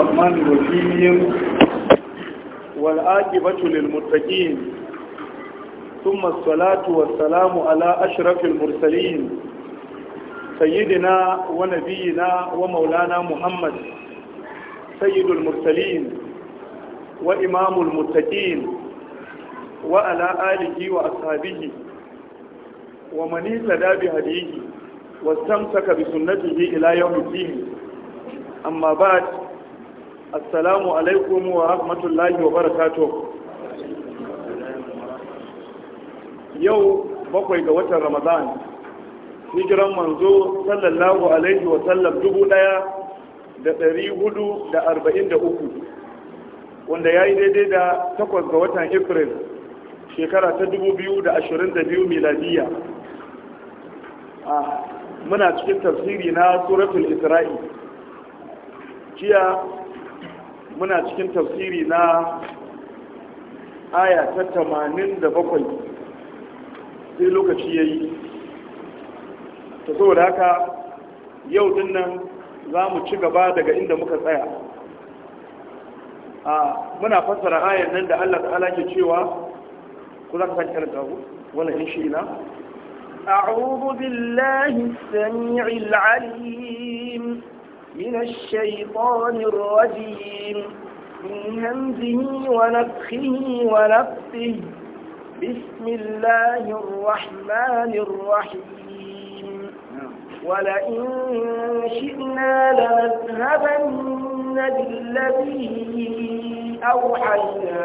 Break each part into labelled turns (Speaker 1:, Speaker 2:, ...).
Speaker 1: الرحمن الرحيم والآجبة للمتقين ثم الصلاة والسلام على أشرف المرسلين سيدنا ونبينا ومولانا محمد سيد المرسلين وإمام المتقين وعلى آله وأصحابه ومن اهتدى بهديه واستمسك بسنته إلى يوم الدين أما بعد assalamu alaikum wa rahmatullahi wa barakatuh yau bakwai ga watan ramadan hijiran manzo sallallahu alaihi wa sallam dubu daya da dari hudu da arba'in da uku wanda ya yi daidai da takwas ga watan april shekara ta dubu biyu da ashirin da biyu miladiya ah, muna cikin tafsiri na suratul isra'i jiya muna cikin tafsiri na aya ta tamanin da bakwai sai lokaci ya yi ta saboda haka yau nan za mu ci gaba daga inda muka tsaya a muna fassara ayan nan da allah ta'ala ke cewa ku za ka sake karanta ku wannan in shi na
Speaker 2: أعوذ بالله السميع العليم من الشيطان الرجيم من همزه ونفخه ونفثه بسم الله الرحمن الرحيم ولئن شئنا لنذهبن بالذي أوحينا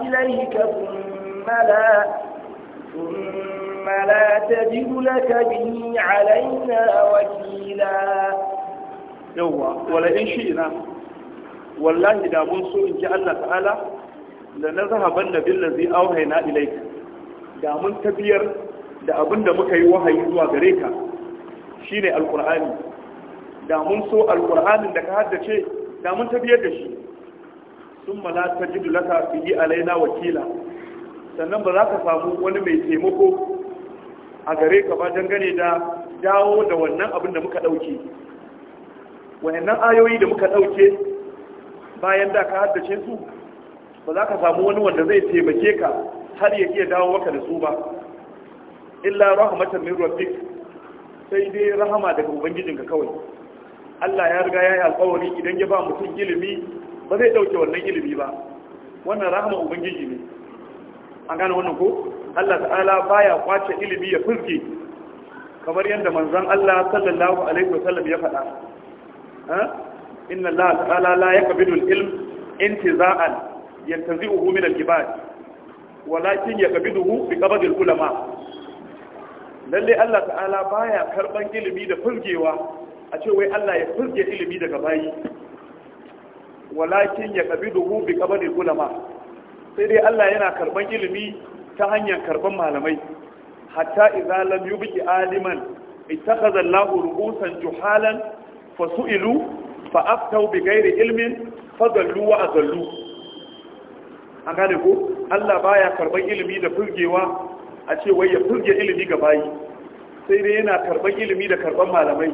Speaker 2: إليك ثم لا ثم لا تجد لك به علينا وكيلا
Speaker 1: yawwa wala in shi ina wallahi da mun so in ji Allah ta'ala da na zahaban da auhai auhayna ilaik da mun tafiyar da abin da muka yi wahayi zuwa gare ka shine alqur'ani da mun so alƙur'anin da ka haddace da mun tafiyar da shi summa la tajidu laka yi alaina wakila sannan ba za ka samu wani mai taimako a gare ka ba dangane da dawo da wannan abin da muka ɗauke. wayannan ayoyi da muka ɗauke bayan da ka haddace su ba za ka samu wani wanda zai taimake ka har ya iya dawo maka da su ba illa rahmatan min rabbik sai dai rahama daga ubangijinka kawai Allah ya riga ya yi alƙawari idan ya ba mutum ilimi ba zai ɗauke wannan ilimi ba wannan rahama ubangiji ne an gane wannan ko Allah ta'ala baya kwace ilimi ya furge kamar yadda manzon Allah sallallahu alaihi wasallam ya faɗa inna Allah ta'ala la yaqbidu al-ilm intiza'an yantazi'uhu min al-ibad walakin yaqbiduhu bi qabd al-ulama lalle Allah ta'ala baya karban ilimi da furgewa a ce wai Allah ya furge ilimi daga bayi walakin yaqbiduhu bi qabd al-ulama sai dai Allah yana karban ilimi ta hanyar karban malamai hatta idza lam yubqi aliman ittakhadha Allahu ru'usan juhalan fasu'ilu fa aftau bi ghairi ilmin fadallu wa azallu an gane ko Allah baya karɓar ilimi da furgewa a ce wai ya furge ilimi ga bayi sai dai yana karban ilimi da karban malamai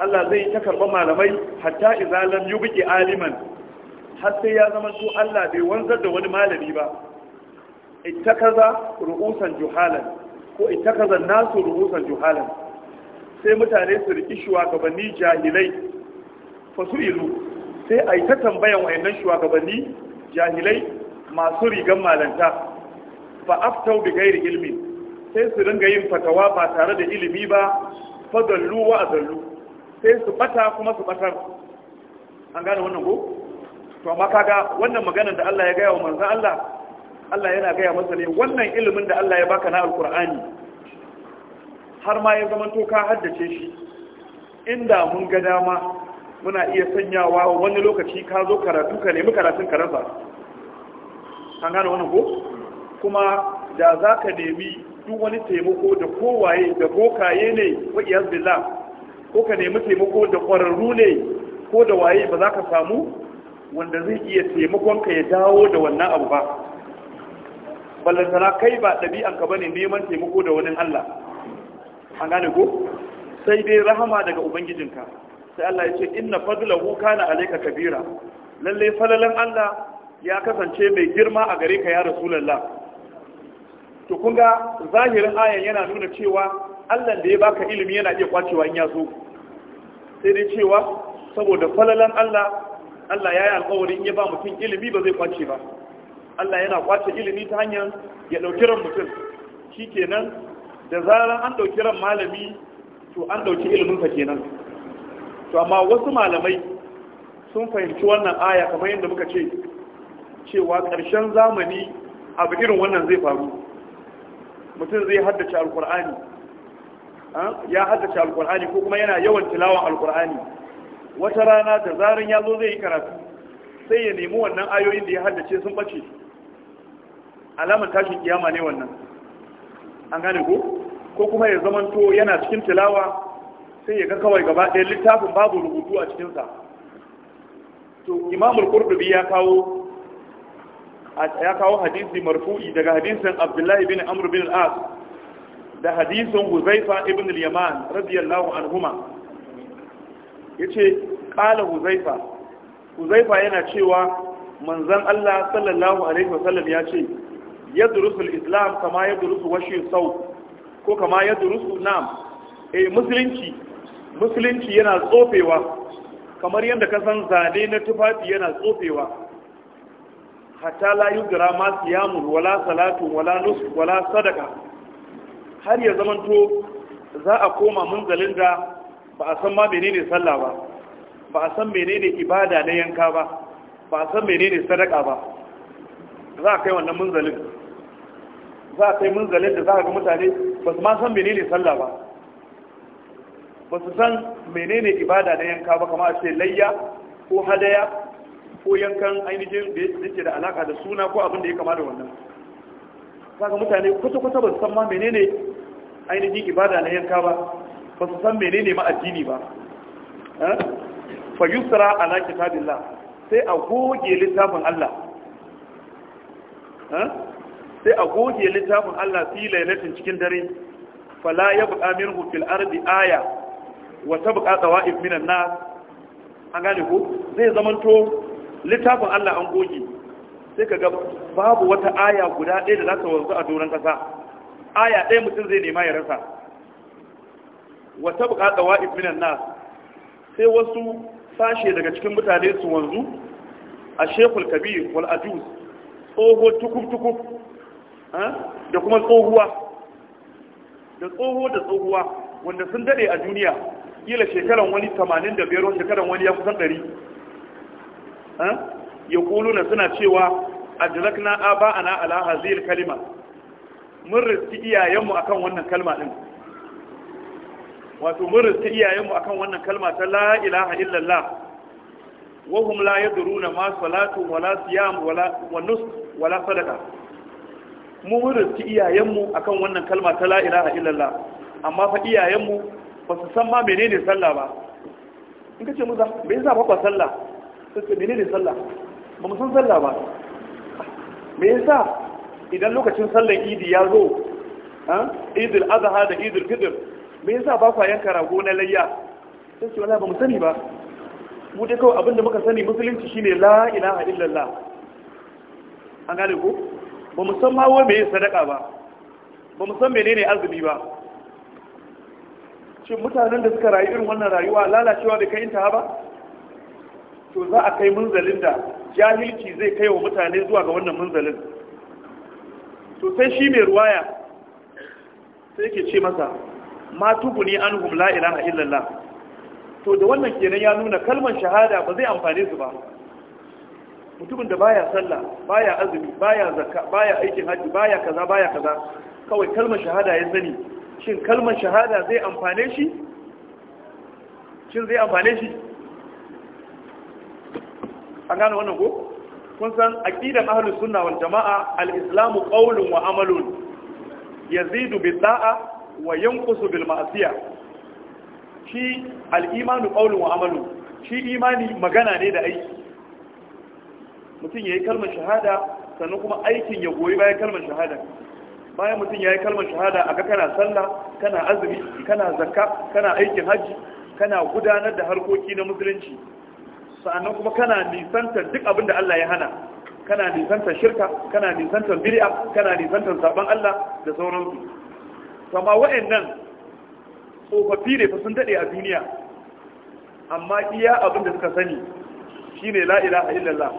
Speaker 1: Allah zai ta karɓar malamai hatta idza lam yubqi aliman har sai ya zama to Allah bai wanzar da wani malami ba ittakaza ru'usan juhalan ko ittakaza nasu ru'usan juhalan sai mutane su riki shugabanni jahilai fasu'ilu sai a yi ta tambayan wayannan shugabanni jahilai masu rigan malanta fa aftau bi gairi ilmi sai su dinga yin fatawa ba tare da ilimi ba fadallu wa azallu sai su bata kuma su batar an gane wannan ko to amma kaga wannan maganar da Allah ya gaya wa manzon Allah Allah yana gaya masa ne wannan ilimin da Allah ya baka na alkur'ani har ma ya zama to ka haddace shi inda mun ga dama muna iya sanyawa wani lokaci ka zo karatu ka nemi karatun karasa an gane wani ko kuma da za ka nemi duk wani taimako da kowaye da bokaye ne wa iyaz ko ka nemi taimako da kwararru ne ko da waye ba za ka samu wanda zai iya taimakonka ya dawo da wannan abu ba ballantana kai ba ɗabi'anka ba ne neman taimako da wani allah an gane ko sai dai rahama daga ubangijinka sai Allah ya ce inna fadlahu kana alayka kabira lalle falalan Allah ya kasance mai girma a gare ka ya rasulullah to kun zahirin ayan yana nuna cewa Allah da ya baka ilimi yana iya kwacewa in ya zo. sai dai cewa saboda falalan Allah Allah ya yi alƙawari in ya ba mutum ilimi ba zai kwace ba Allah yana kwace ilimi ta hanyar ya ɗauki ran mutum kenan. da zarar an ɗauki ran malami to an ɗauki iliminsa kenan to amma wasu malamai sun fahimci wannan aya kamar yadda muka ce cewa ƙarshen zamani abu irin wannan zai faru mutum zai haddace alkur'ani ya haddace alkur'ani ko kuma yana yawan tilawan alkur'ani wata rana da zarin ya zo zai yi karatu sai ya nemi wannan ayoyin da ya haddace sun bace alamar tashin kiyama ne wannan an gane ko ko kuma ya zamanto yana cikin tilawa sai ya ga kawai gaba ɗaya littafin babu rubutu a cikinsa to imamul qurtubi ya kawo ya kawo hadisi marfu'i daga hadisin abdullahi bin amr bin al-as da hadisin huzaifa ibn al-yaman radiyallahu anhuma yace qala huzaifa huzaifa yana cewa manzon Allah sallallahu alaihi wasallam ya ce yadrusul islam kama yadrusu washi sau ko kama yadrusu nam eh musulunci musulunci yana tsofewa kamar yadda ka san zane na tufafi yana tsofewa hatta la yudra ma siyamun wala salatu wala nus wala sadaka har ya zamanto za a koma munzalin da ba a san ma menene sallah ba ba a san menene ibada na yanka ba ba a san menene sadaka ba za a kai wannan munzalin za a kai munzalin da za a ga mutane ba su ma san menene sallah ba ba su san menene ibada na yanka ba kama a ce layya ko hadaya ko yankan ainihin da ce da alaka da suna ko abin da ya kama da wannan za ga mutane kusa-kusa ba su san ma menene ainihin ibada na yanka ba ba su san menene ma addini ba eh? fa yusra ala kitabillah sai a goge littafin Allah eh? sai a goge littafin Allah fi lailatin cikin dare fala buƙa minhu fil ardi aya wa tabqa tawaif minan nas an gane ko zai zamanto littafin Allah an goge sai kaga babu wata aya guda ɗaya da za ta wanzu a doron kasa aya ɗaya mutum zai nema ya rasa wa tabqa tawaif minan nas sai wasu sashe daga cikin mutane su wanzu a shekul kabir wal ajuz tsoho tukuf tukuf da kuma tsohuwa da tsohuwa da tsohuwa wanda sun dade a duniya kila shekaran wani 85 shekaran wani ya kusan 100 ya na suna cewa ajlakna aba'ana ala hazil kalima mun riski iyayenmu akan wannan kalma din wato mun riski iyayenmu akan wannan kalma ta la ilaha illallah wahum la yadruna ma salatu wala siyam wala wa nusuk wala sadaka mu murci iyayenmu a kan wannan kalma ta la’ira a ilalla amma fa iyayenmu ba su san ma menene sallah ba in ka ce musa me yasa ba ku sallah sai ce ne sallah ba mu san sallah ba me yasa idan lokacin sallar idi ya zo idil azaha da idil fitr me yasa ba kwayan yanka rago na layya sai ce wala ba mu sani ba mu dai kawai abinda muka sani musulunci shine la ilaha illallah an gane ko ba mu san mawa mai sadaka ba ba mu san menene azumi ba shin mutanen da suka rayu irin wannan rayuwa lalacewa da kai ta ba to za a kai munzalin da jahilci zai kai wa mutane zuwa ga wannan munzalin to sai shi mai ruwaya sai yake ce masa ma an anhum la ilaha illallah to da wannan kenan ya nuna kalmar shahada ba zai amfane su ba mutumin da baya sallah baya azumi baya zakka baya aikin haji baya kaza baya kaza kawai kalmar shahada ya sani shin kalmar shahada zai amfane shi shin zai amfane shi an gano wannan ko kun san aqidar ahlus sunna wal jamaa al islamu qawlun wa amalun yazidu bi da'a wa yanqusu bil ma'siya shi al imanu qawlun wa amalun shi imani magana ne da aiki mutum ya yi kalmar shahada sannan kuma aikin ya goyi bayan kalmar shahada bayan mutum ya yi kalmar shahada a ga kana sallah kana azumi kana zakka kana aikin hajji kana gudanar da harkoki na musulunci sannan kuma kana nisantar duk abin da Allah ya hana kana nisantar shirka kana nisantar bid'a kana nisantar saban Allah da sauransu wa'in waɗannan tsofaffi ne fa sun daɗe a duniya amma iya abin da suka sani shi shine la ilaha illallah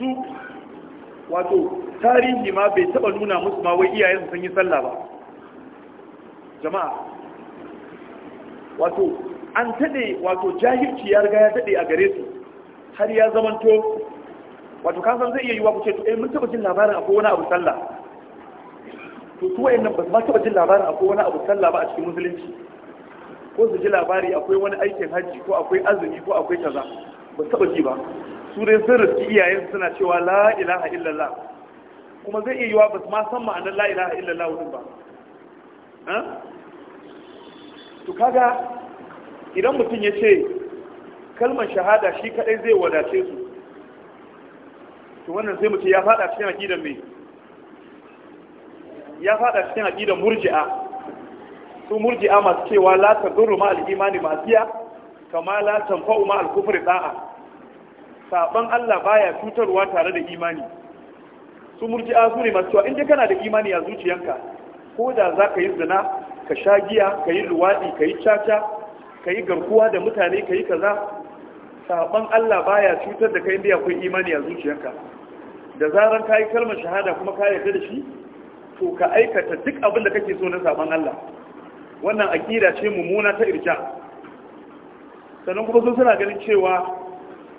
Speaker 1: su wato tarihi ma bai taba nuna musu ma wai iyayen sun yi sallah ba jama'a wato an tade wato jahilci ya riga ya tade a gare su har ya zamanto wato ka san zai iya yiwa wa ce to eh mun taba jin labarin akwai wani abu sallah to su wayannan ba su ma taba jin labarin akwai wani abu sallah ba a cikin musulunci ko su ji labari akwai wani aikin hajji ko akwai azumi ko akwai kaza ba su taba ji ba su dai sun rufi iyayen suna cewa la ilaha illallah kuma zai iya yiwa ba ma san ma'anar la ilaha illallah wurin ba to kaga idan mutum ya ce kalmar shahada shi kadai zai wadace su to wannan sai mutum ya fada cikin aqidan mai ya fada cikin aqidan murji'a su murji'a masu cewa la tadurru ma al-imani ma'siya kama la tanfa'u ma al-kufri da'a saban Allah baya cutarwa tare da imani su a su ne masu cewa inda kana da imani a zuciyanka ko da za ka yi zina ka sha giya ka yi luwaɗi ka yi caca ka yi garkuwa da mutane ka yi kaza saban Allah baya cutar da kai inda akwai imani a zuciyanka da zarar ka yi kalmar shahada kuma ka yarda da shi to ka aikata duk abin da kake so na saban Allah wannan akida ce mummuna ta irja sannan kuma sun suna ganin cewa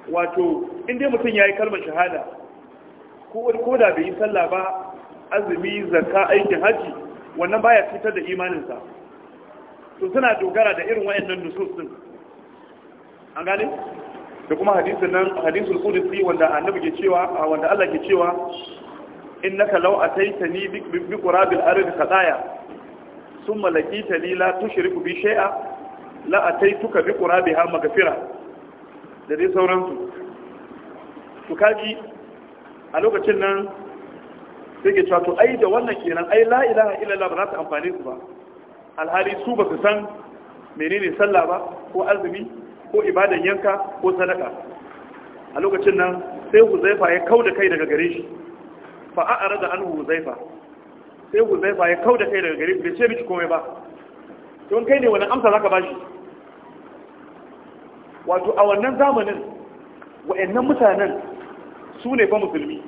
Speaker 1: wato inda mutum ya yi kalmar shahada ko da bai yi sallah ba azumi zaka aikin haji wannan baya fitar da imaninsa to suna dogara da irin wayannan nusus din an gane da kuma hadisin nan hadisul qudsi wanda annabi ke cewa wanda Allah ke cewa innaka law ataitani bi qurabil ard qadaya summa laqitani la tushriku bi shay'a la ataituka bi qurabiha maghfirah da dai sauransu su kaji a lokacin nan sai ke cato ai da wannan kenan ai la ilaha illallah ba za ta amfane su ba alhali su ba su san menene sallah ba ko azumi ko ibadan yanka ko sadaka a lokacin nan sai huzaifa ya kau da kai daga gare shi fa a arada an huzaifa sai huzaifa ya kau da kai daga gare shi bai ce miki komai ba don kai ne wani amsa zaka bashi wato a wannan zamanin wa'annan mutanen su ne ba musulmi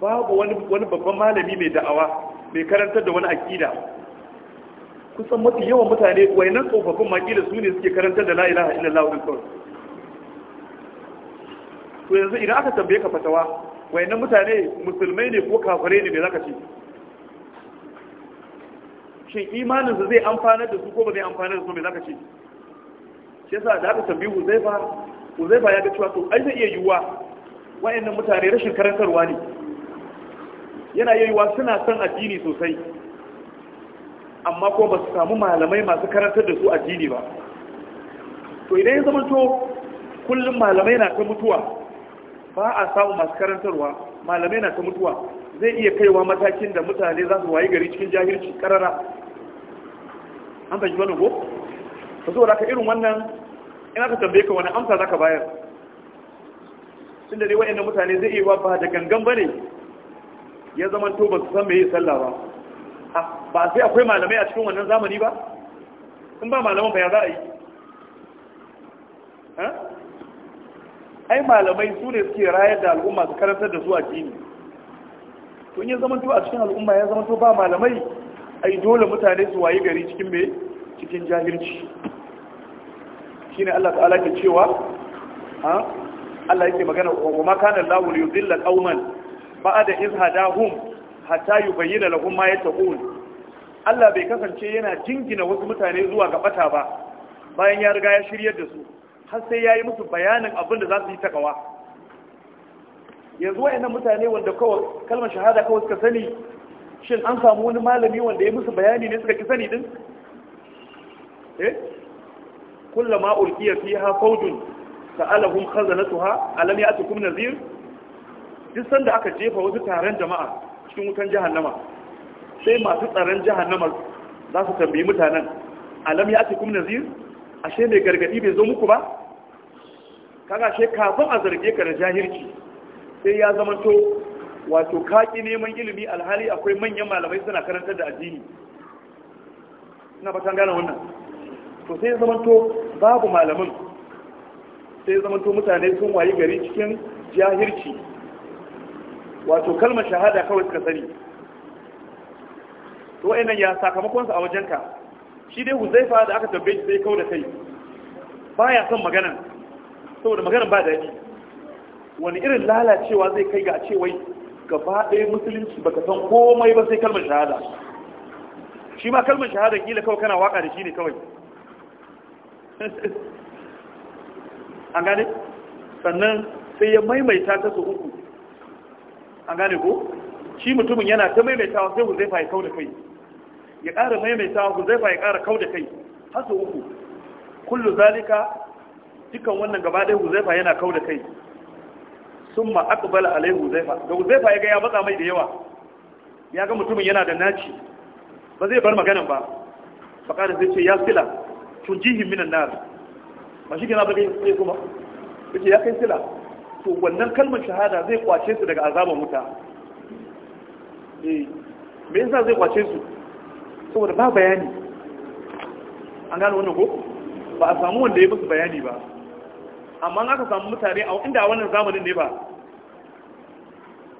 Speaker 1: babu wani babban malami mai da'awa mai karantar da wani akida kusan mafi yawan mutane wa'annan tsofaffin makila su ne suke karantar da la'ilaha illallah wa kawai to yanzu idan aka tambaye ka fatawa wa'annan mutane musulmai ne ko kafare ne da zaka ce imanin imaninsa zai amfanar da su ko ba zai amfanar da su mai zaka ce shi yasa da aka tambayi huzaifa huzaifa ya ga cewa to ai zai iya yiwuwa wayannan mutane rashin karantarwa ne yana iya yiwuwa suna son addini sosai amma ko ba su samu malamai masu karantar da su addini ba to idan ya zama to kullum malamai na ta mutuwa ba a samu masu karantarwa malamai na ta mutuwa zai iya kaiwa matakin da mutane za su wayi gari cikin jahilci karara an fahimci wannan ko ka zo da irin wannan in aka tambaye ka wani amsa zaka bayar Tunda da dai wa'annan mutane zai iya ba da gangan bane ya zama to ba su san meye sallah ba ba sai akwai malamai a cikin wannan zamani ba in ba malaman ba ya za a yi ai malamai su ne suke rayar da al'umma su karantar da su a jini to in ya zama to a cikin al'umma ya zama to ba malamai ai dole mutane su wayi gari cikin me cikin jahilci shine Allah ta'ala ke cewa ha Allah yake magana wa ma kana Allahu li yudilla qauman ba'da izhadahum hatta yubayyana lahum ma yataqul Allah bai kasance yana jingina wasu mutane zuwa ga bata ba bayan ya riga ya shiryar da su har sai yayi musu bayanin abin da za su yi takawa yanzu wayannan mutane wanda kawai kalmar shahada kawai suka sani shin an samu wani malami wanda ya musu bayani ne suka ki sani din eh kullama ulqiya fiha fawjun sa'alahum khazanatuha alam ya'tikum nadhir duk sanda aka jefa wasu taron jama'a cikin wutan jahannama sai masu tsaron jahannama za su tambayi mutanen alam ya'tikum nadhir ashe mai gargadi bai zo muku ba kaga ashe kafin a zarge ka da jahilci sai ya to wato kaki neman ilimi alhali akwai manyan malamai suna karantar da addini ina ba gane wannan to sai ya zamanto babu malamin sai ya zamanto mutane sun wayi gari cikin jahirci wato kalmar shahada kawai suka sani to wayannan ya sakamakonsa a wajenka shi dai huzaifa da aka tabbaci sai kau da kai baya son magana saboda magana ba daɗi wani irin lalacewa zai kai ga a ce wai gaba ɗaya musulunci baka san komai ba sai kalmar shahada shi ma kalmar shahada kila kawai kana waka da shi ne kawai an gane sannan sai ya maimaita ta su uku an gane ko shi mutumin yana ta maimaitawa sai huzaifa ya kau da kai ya ƙara maimaitawa huzaifa ya ƙara kau da kai har su uku kullu zalika dukan wannan gaba ɗaya huzaifa yana kau da kai sun ma akbala alaihi huzaifa da huzaifa ya ga ya matsa mai da yawa ya ga mutumin yana da naci ba zai bar maganan ba faƙada zai ce ya sila tun jihin minan nar ba shi gina ba kai kuma ce ya kai sila to wannan kalmar shahada zai kwace su daga azabar wuta eh, me yasa zai kwace su saboda ba bayani an gano wannan ko ba a samu wanda ya musu bayani ba amma aka samu mutane a inda wannan zamanin ne ba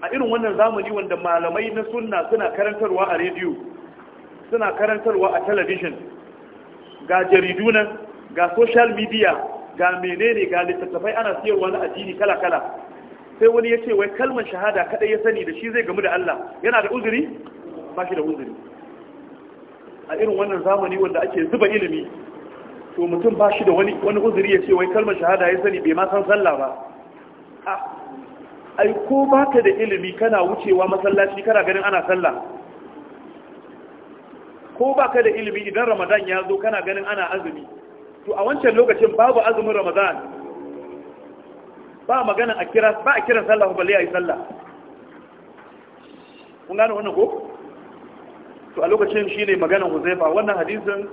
Speaker 1: a irin wannan zamani wanda malamai na sunna suna karantarwa a rediyo suna karantarwa a talabijin ga jaridu nan ga social media ga menene ga littattafai ana siyarwa na addini kala-kala sai wani ya ce wai kalmar shahada kadai ya sani da shi zai gamu da Allah yana da uzuri ba shi da uzuri a irin wannan zamani wanda ake zuba ilimi to mutum ba shi da wani wani uzuri ya ce wai kalmar shahada ya sani bai ma san sallah ba ai ko ba ka da ilimi kana wucewa masallaci kana ganin ana sallah ko ba ka da ilimi idan ramadan ya zo kana ganin ana azumi to a wancan lokacin babu azumin ramadan ba magana a kira ba a kiran sallah balle ayi sallah kun gane wannan ko to a lokacin shine maganar Huzaifa wannan hadisin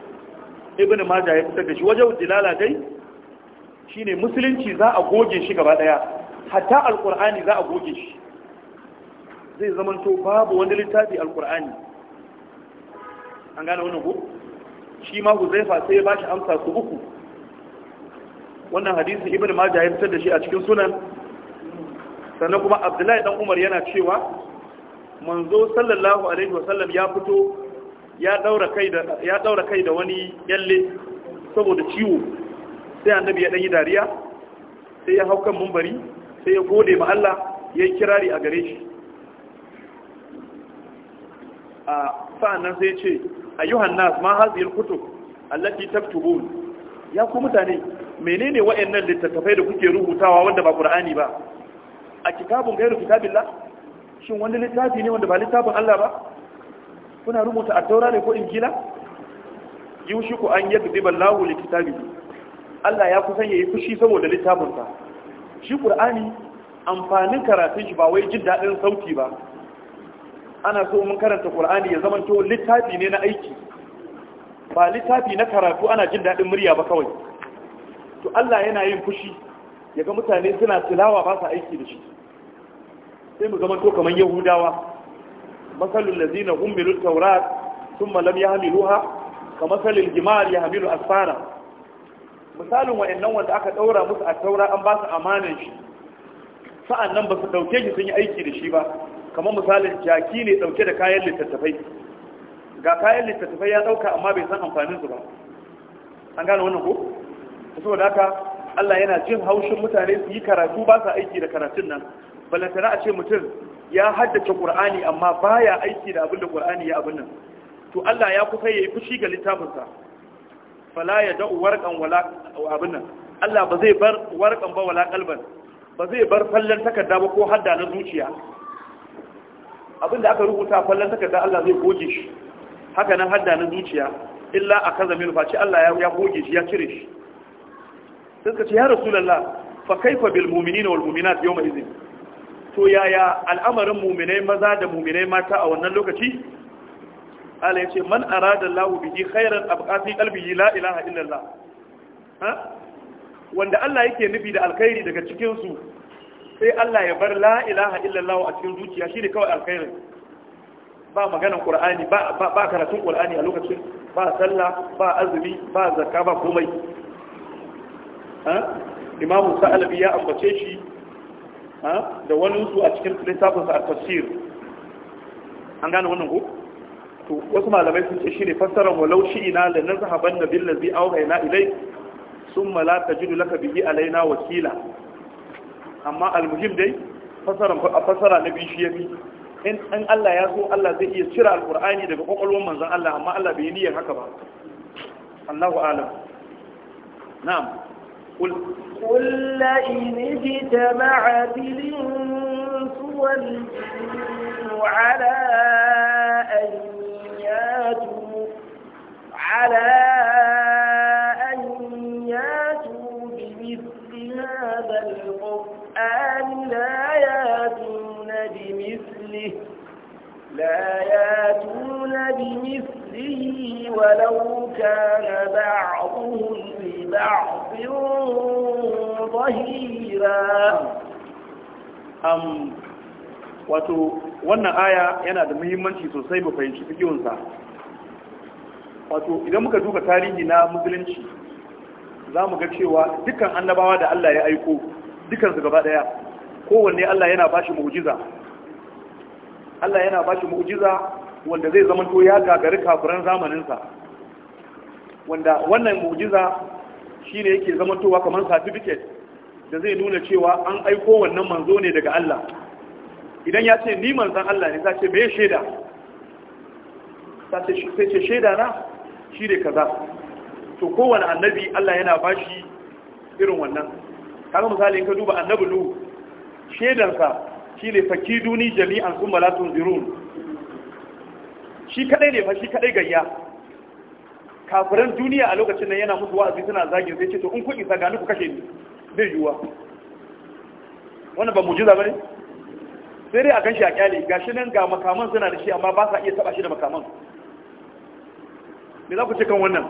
Speaker 1: ibn majah ya fitar da shi wajen dilala dai shine musulunci za a goge shi gaba daya hatta alqur'ani za a goge shi zai to babu wani littafi alqur'ani an gane wannan ko shi ma huzaifa sai ya bashi amsa su uku wannan hadisi ibn majah ya fitar da shi a cikin sunan sannan kuma abdullahi dan umar yana cewa manzo sallallahu alaihi wasallam ya fito ya daura kai da wani yalle saboda ciwo sai annabi ya ɗanyi dariya sai ya hau kan mumbari sai ya gode ma Allah ya yi kirari a gare shi a sa'annan sai ce a nas ma haziyar kutub allati taktubun ya ku mutane menene wayannan littattafai da kuke rubutawa wanda ba qur'ani ba a kitabun gairu la? shin wani littafi ne wanda ba littafin Allah ba kuna rubuta a ne ko injila yushiku an yakdiba Allahu li kitabihi Allah ya kusan yayi fushi saboda littafinsa. shi ƙur'ani amfanin karatun shi ba wai jin dadin sauti ba ana so mun karanta Qur'ani ya zama to littafi ne na aiki ba littafi na karatu ana jin daɗin murya ba kawai to Allah yana yin fushi yaga mutane suna tilawa ba sa aiki da shi sai mu zama to kaman Yahudawa masalul lazina hummilu taurat thumma lam yahmiluha ga masalil jimar yahmilu asfara misalin wa'annan wanda aka daura musu a taura an ba su amanan shi sa'annan ba su dauke shi sun yi aiki da shi ba kamar misalin jaki ne dauke da kayan littattafai ga kayan littattafai ya dauka amma bai san amfanin su ba an gane wannan ko saboda haka Allah yana jin haushin mutane su yi karatu ba aiki da karatun nan balantana a ce mutum ya haddace qur'ani amma ba ya aiki da abin da qur'ani ya abin nan to Allah ya kusa yi fushi ga littafinsa fala ya da'u warƙan wala abin nan Allah ba zai bar warƙan ba wala kalban ba zai bar fallan takarda ba ko hadda na zuciya abin da aka rubuta fallan takarda Allah zai goge shi haka nan hadda na zuciya illa akaza min fa ce Allah ya goge shi ya cire shi sai ka ce ya rasulullah fa kaifa bil mu'minina wal mu'minat yawma idhin to yaya al'amarin muminai maza da muminai mata a wannan lokaci ala yace man arada Allahu bihi khairan abqati qalbihi la ilaha illallah ha wanda Allah yake nufi da alkhairi daga cikin su sai Allah ya bar la ilaha a cikin zuciya shine kawai alkhairi? ba maganan qur'ani ba ba karatun qur'ani a lokacin ba sallah ba azumi ba zakka ba komai ha imamu sa'alabi ya ambace shi da wani su a cikin lissafinsa a tafsir an gane wannan ku to wasu malamai sun ce shi ne fassarar walau shi ina da na zahaban na bin lazi auha ina ilai sun malata jidu laka bihi alaina wakila amma almuhim dai fassara na biyu shi ya bi in Allah ya so Allah zai iya cire alkur'ani daga kwakwalwar manzan Allah amma Allah bai niyyar haka ba Allahu alam na'am
Speaker 2: قل قل لئن اجتمعت الإنس والجن على أن ياتوا على أن ياتوا بمثل هذا القرآن لا ياتون بمثله لا ياتون بمثله ولو كان بعضهم بعض ظهيرا
Speaker 1: أم wato wannan aya yana da muhimmanci sosai mu fahimci fikiyunsa wato idan muka duba tarihi na musulunci za mu ga cewa dukkan annabawa da Allah ya aiko dukansu gaba daya kowanne Allah yana bashi mu'jiza Allah yana bashi mu'jiza wanda zai zama to ya gagari kafiran zamaninsa wanda wannan mu'jiza Shi ne yake zamantowa kamar certificate da zai nuna cewa an aiko wannan manzo ne daga Allah idan ya ce ni manzan Allah ne za ce me shaida sai ce shaida na shi ne kaza to kowane annabi Allah yana bashi irin wannan kaga misali ka duba annabi lu shaidansa shi ne fakiduni jami'an sun malatun zirun shi kadai ne fa shi kadai gayya kafiran duniya a lokacin nan yana musu wa'azi suna zagin sai ce to in kun isa gani ku kashe ni zai yiwuwa wannan ba mujiza bane sai dai a kan shi a kyale gashi nan ga makaman suna da shi amma ba sa iya taba shi da makaman me za ku ce kan wannan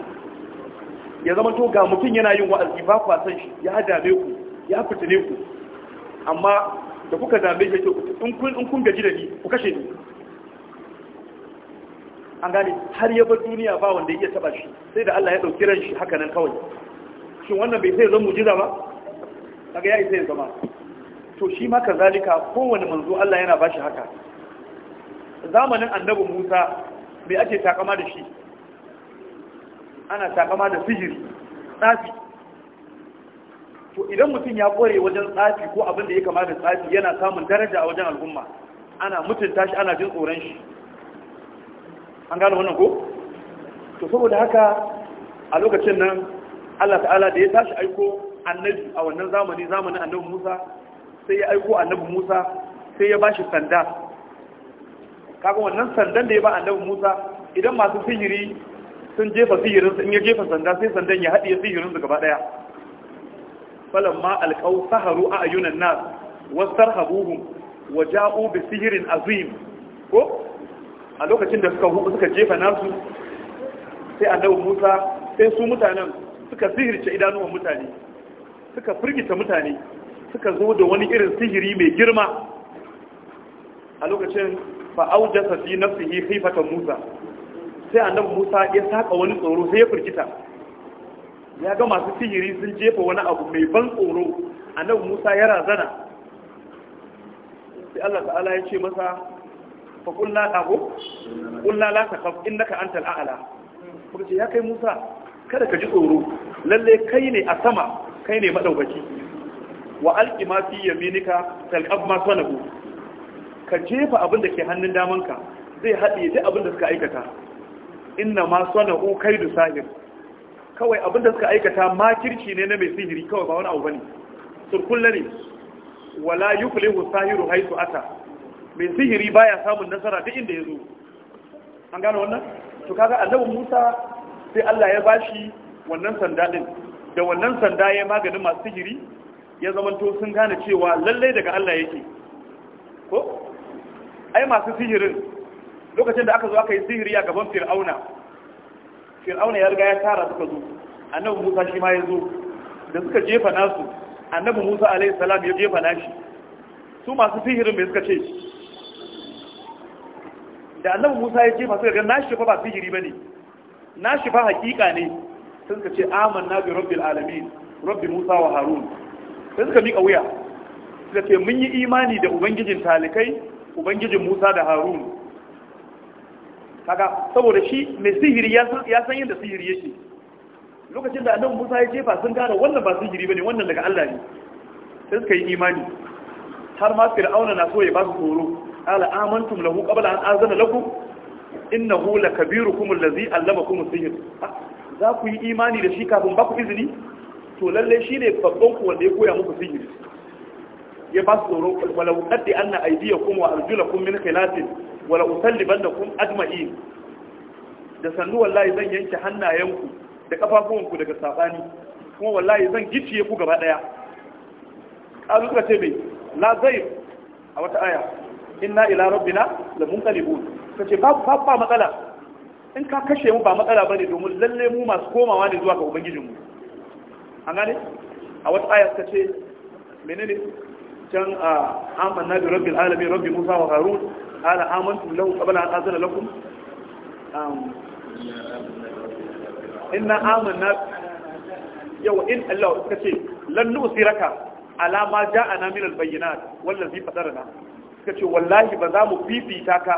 Speaker 1: ya zama to ga mutum yana yin wa'azi ba ku san shi ya dame ku ya fitine ku amma da kuka dame shi to in kun gaji da ni ku kashe ni an gane har ya bar duniya ba wanda ya taba shi sai da Allah ya dauki ran shi haka nan kawai shin wannan bai sai zan mujiza ba kaga yayi sai zama to shi ma kazalika kowanne manzo Allah yana bashi haka zamanin annabi Musa me ake takama da shi ana takama da sihiri tsafi to idan mutum ya kore wajen tsafi ko abin da ya kama da tsafi yana samun daraja a wajen al'umma ana mutunta shi ana jin tsoron shi an gano wannan ko to saboda haka a lokacin nan Allah ta'ala da ya tashi aiko annabi a wannan zamani zamanin annabi Musa sai ya aiko annabi Musa sai ya bashi sanda kaga wannan sandan da ya ba annabi Musa idan masu sihiri sun jefa sihirin in ya jefa sanda sai sandan ya hadiye sihirin su gaba ɗaya falamma alqaw saharu a ayunan nas wastarhabuhum wa ja'u sihirin azim ko a lokacin da suka suka jefa nasu sai annabi Musa sai su mutanen suka sihirce idanuwan mutane suka firgita mutane suka zo da wani irin sihiri mai girma a lokacin fa aujasa fi nafsihi khifatan Musa sai annabi Musa ya saka wani tsoro sai ya firgita ya ga masu sihiri sun jefa wani abu mai ban tsoro annabi Musa ya razana sai Allah ta'ala ya ce masa fa abu kulna la taqaf innaka antal a'la muka ya kai Musa kada ka ji tsoro lalle kai ne a sama kai ne madaukaki wa alqi ma fi yaminika talqab ma sanahu ka jefa abin da ke hannun damanka zai haɗiye duk abin da suka aikata inna ma sanahu kaidu sahir kawai abin da suka aikata makirci ne na mai sihiri kawai ba wani abu bane surkulla ne wala yuflihu sahiru haitu ata mai sihiri baya samun nasara duk inda ya zo an gano wannan to kaga annabi Musa sai Allah ya bashi wannan sanda din da wannan sanda ya maganin masu sihiri ya zamanto sun gane cewa lallai daga Allah yake ko ai masu sihirin lokacin da aka zo aka yi sihiri a gaban fir'auna fir'auna ya riga ya tara suka zo annabi Musa shi ma ya zo da suka jefa nasu annabi Musa alaihi salam ya jefa nashi su masu sihirin bai suka ce da annabi musa ya jefa masu ga nashi fa ba sihiri bane nashi fa hakika ne sun ka ce amanna bi rabbil alamin rabbi musa wa harun sai suka mika wuya suka ce mun yi imani da ubangijin talikai ubangijin musa da harun kaga saboda shi mai sihiri ya san yadda sihiri yake lokacin da annabi musa ya jefa sun gane wannan ba sihiri bane wannan daga allah ne sai suka yi imani har ma fir'auna na so ya ba su tsoro qala amantum lahu qabla an azana lakum innahu lakabirukum allazi allamakum sihr za ku yi imani da shi kafin ba ku izini to lalle shine babban ku wanda ya koya muku sihr ya ba su tsoro walau qaddi anna aydiyakum wa kun min khilafin wala usallibannakum ajma'in da sannu wallahi zan yanke hannayenku da kafafuwanku daga sabani kuma wallahi zan gicciye ku gaba daya kalu suka ce mai la zai a wata aya inna ila rabbina la munqalibun ce babu babu ba matsala in ka kashe mu ba matsala bane domin lalle mu masu komawa ne zuwa ga ubangijinmu an gane a wata aya ce menene can a ah, amanna bi rabbil alamin rabbi musa wa harun ala amantu lahu qabla an azana lakum inna amanna yau in Allah ce lan nusiraka ala ma ja'ana min al-bayyinat wallazi fatarana suka ce wallahi ba za mu fifita ka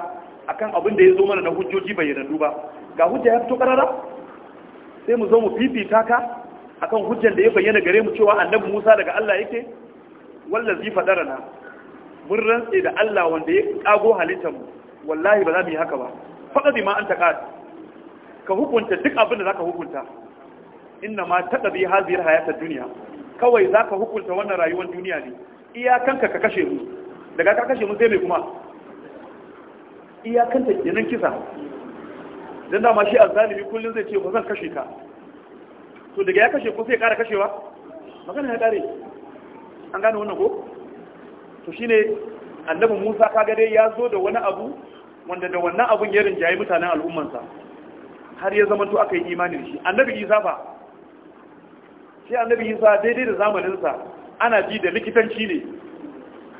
Speaker 1: akan abin da ya zo mana na hujjoji bayyanannu ba ga hujja ya fito karara sai mu zo mu fifita ka akan hujjan da ya bayyana gare mu cewa annabi Musa daga Allah yake wallazi fadarana mun rantse da Allah wanda ya kago halittar mu wallahi ba za mu yi haka ba faɗa bi ma an taƙad ka hukunta duk abin da za ka hukunta inna ma taɗa bi haziyar hayatar duniya kawai za ka hukunta wannan rayuwar duniya ne iyakanka ka kashe mu daga ka kashe mun sai mai kuma iyakanta kenan kisa dan dama shi zalibi kullum zai ce ba zan kashe ka to daga ya kashe ko sai ya kara kashewa magana ya kare an gane wannan ko to shine annabin Musa ka dai ya zo da wani abu wanda da wannan abun ya rinjaye mutanen al'ummansa har ya zama to aka yi imanin shi annabi Isa fa shi annabi Isa daidai da zamaninsa ana ji da likitanci ne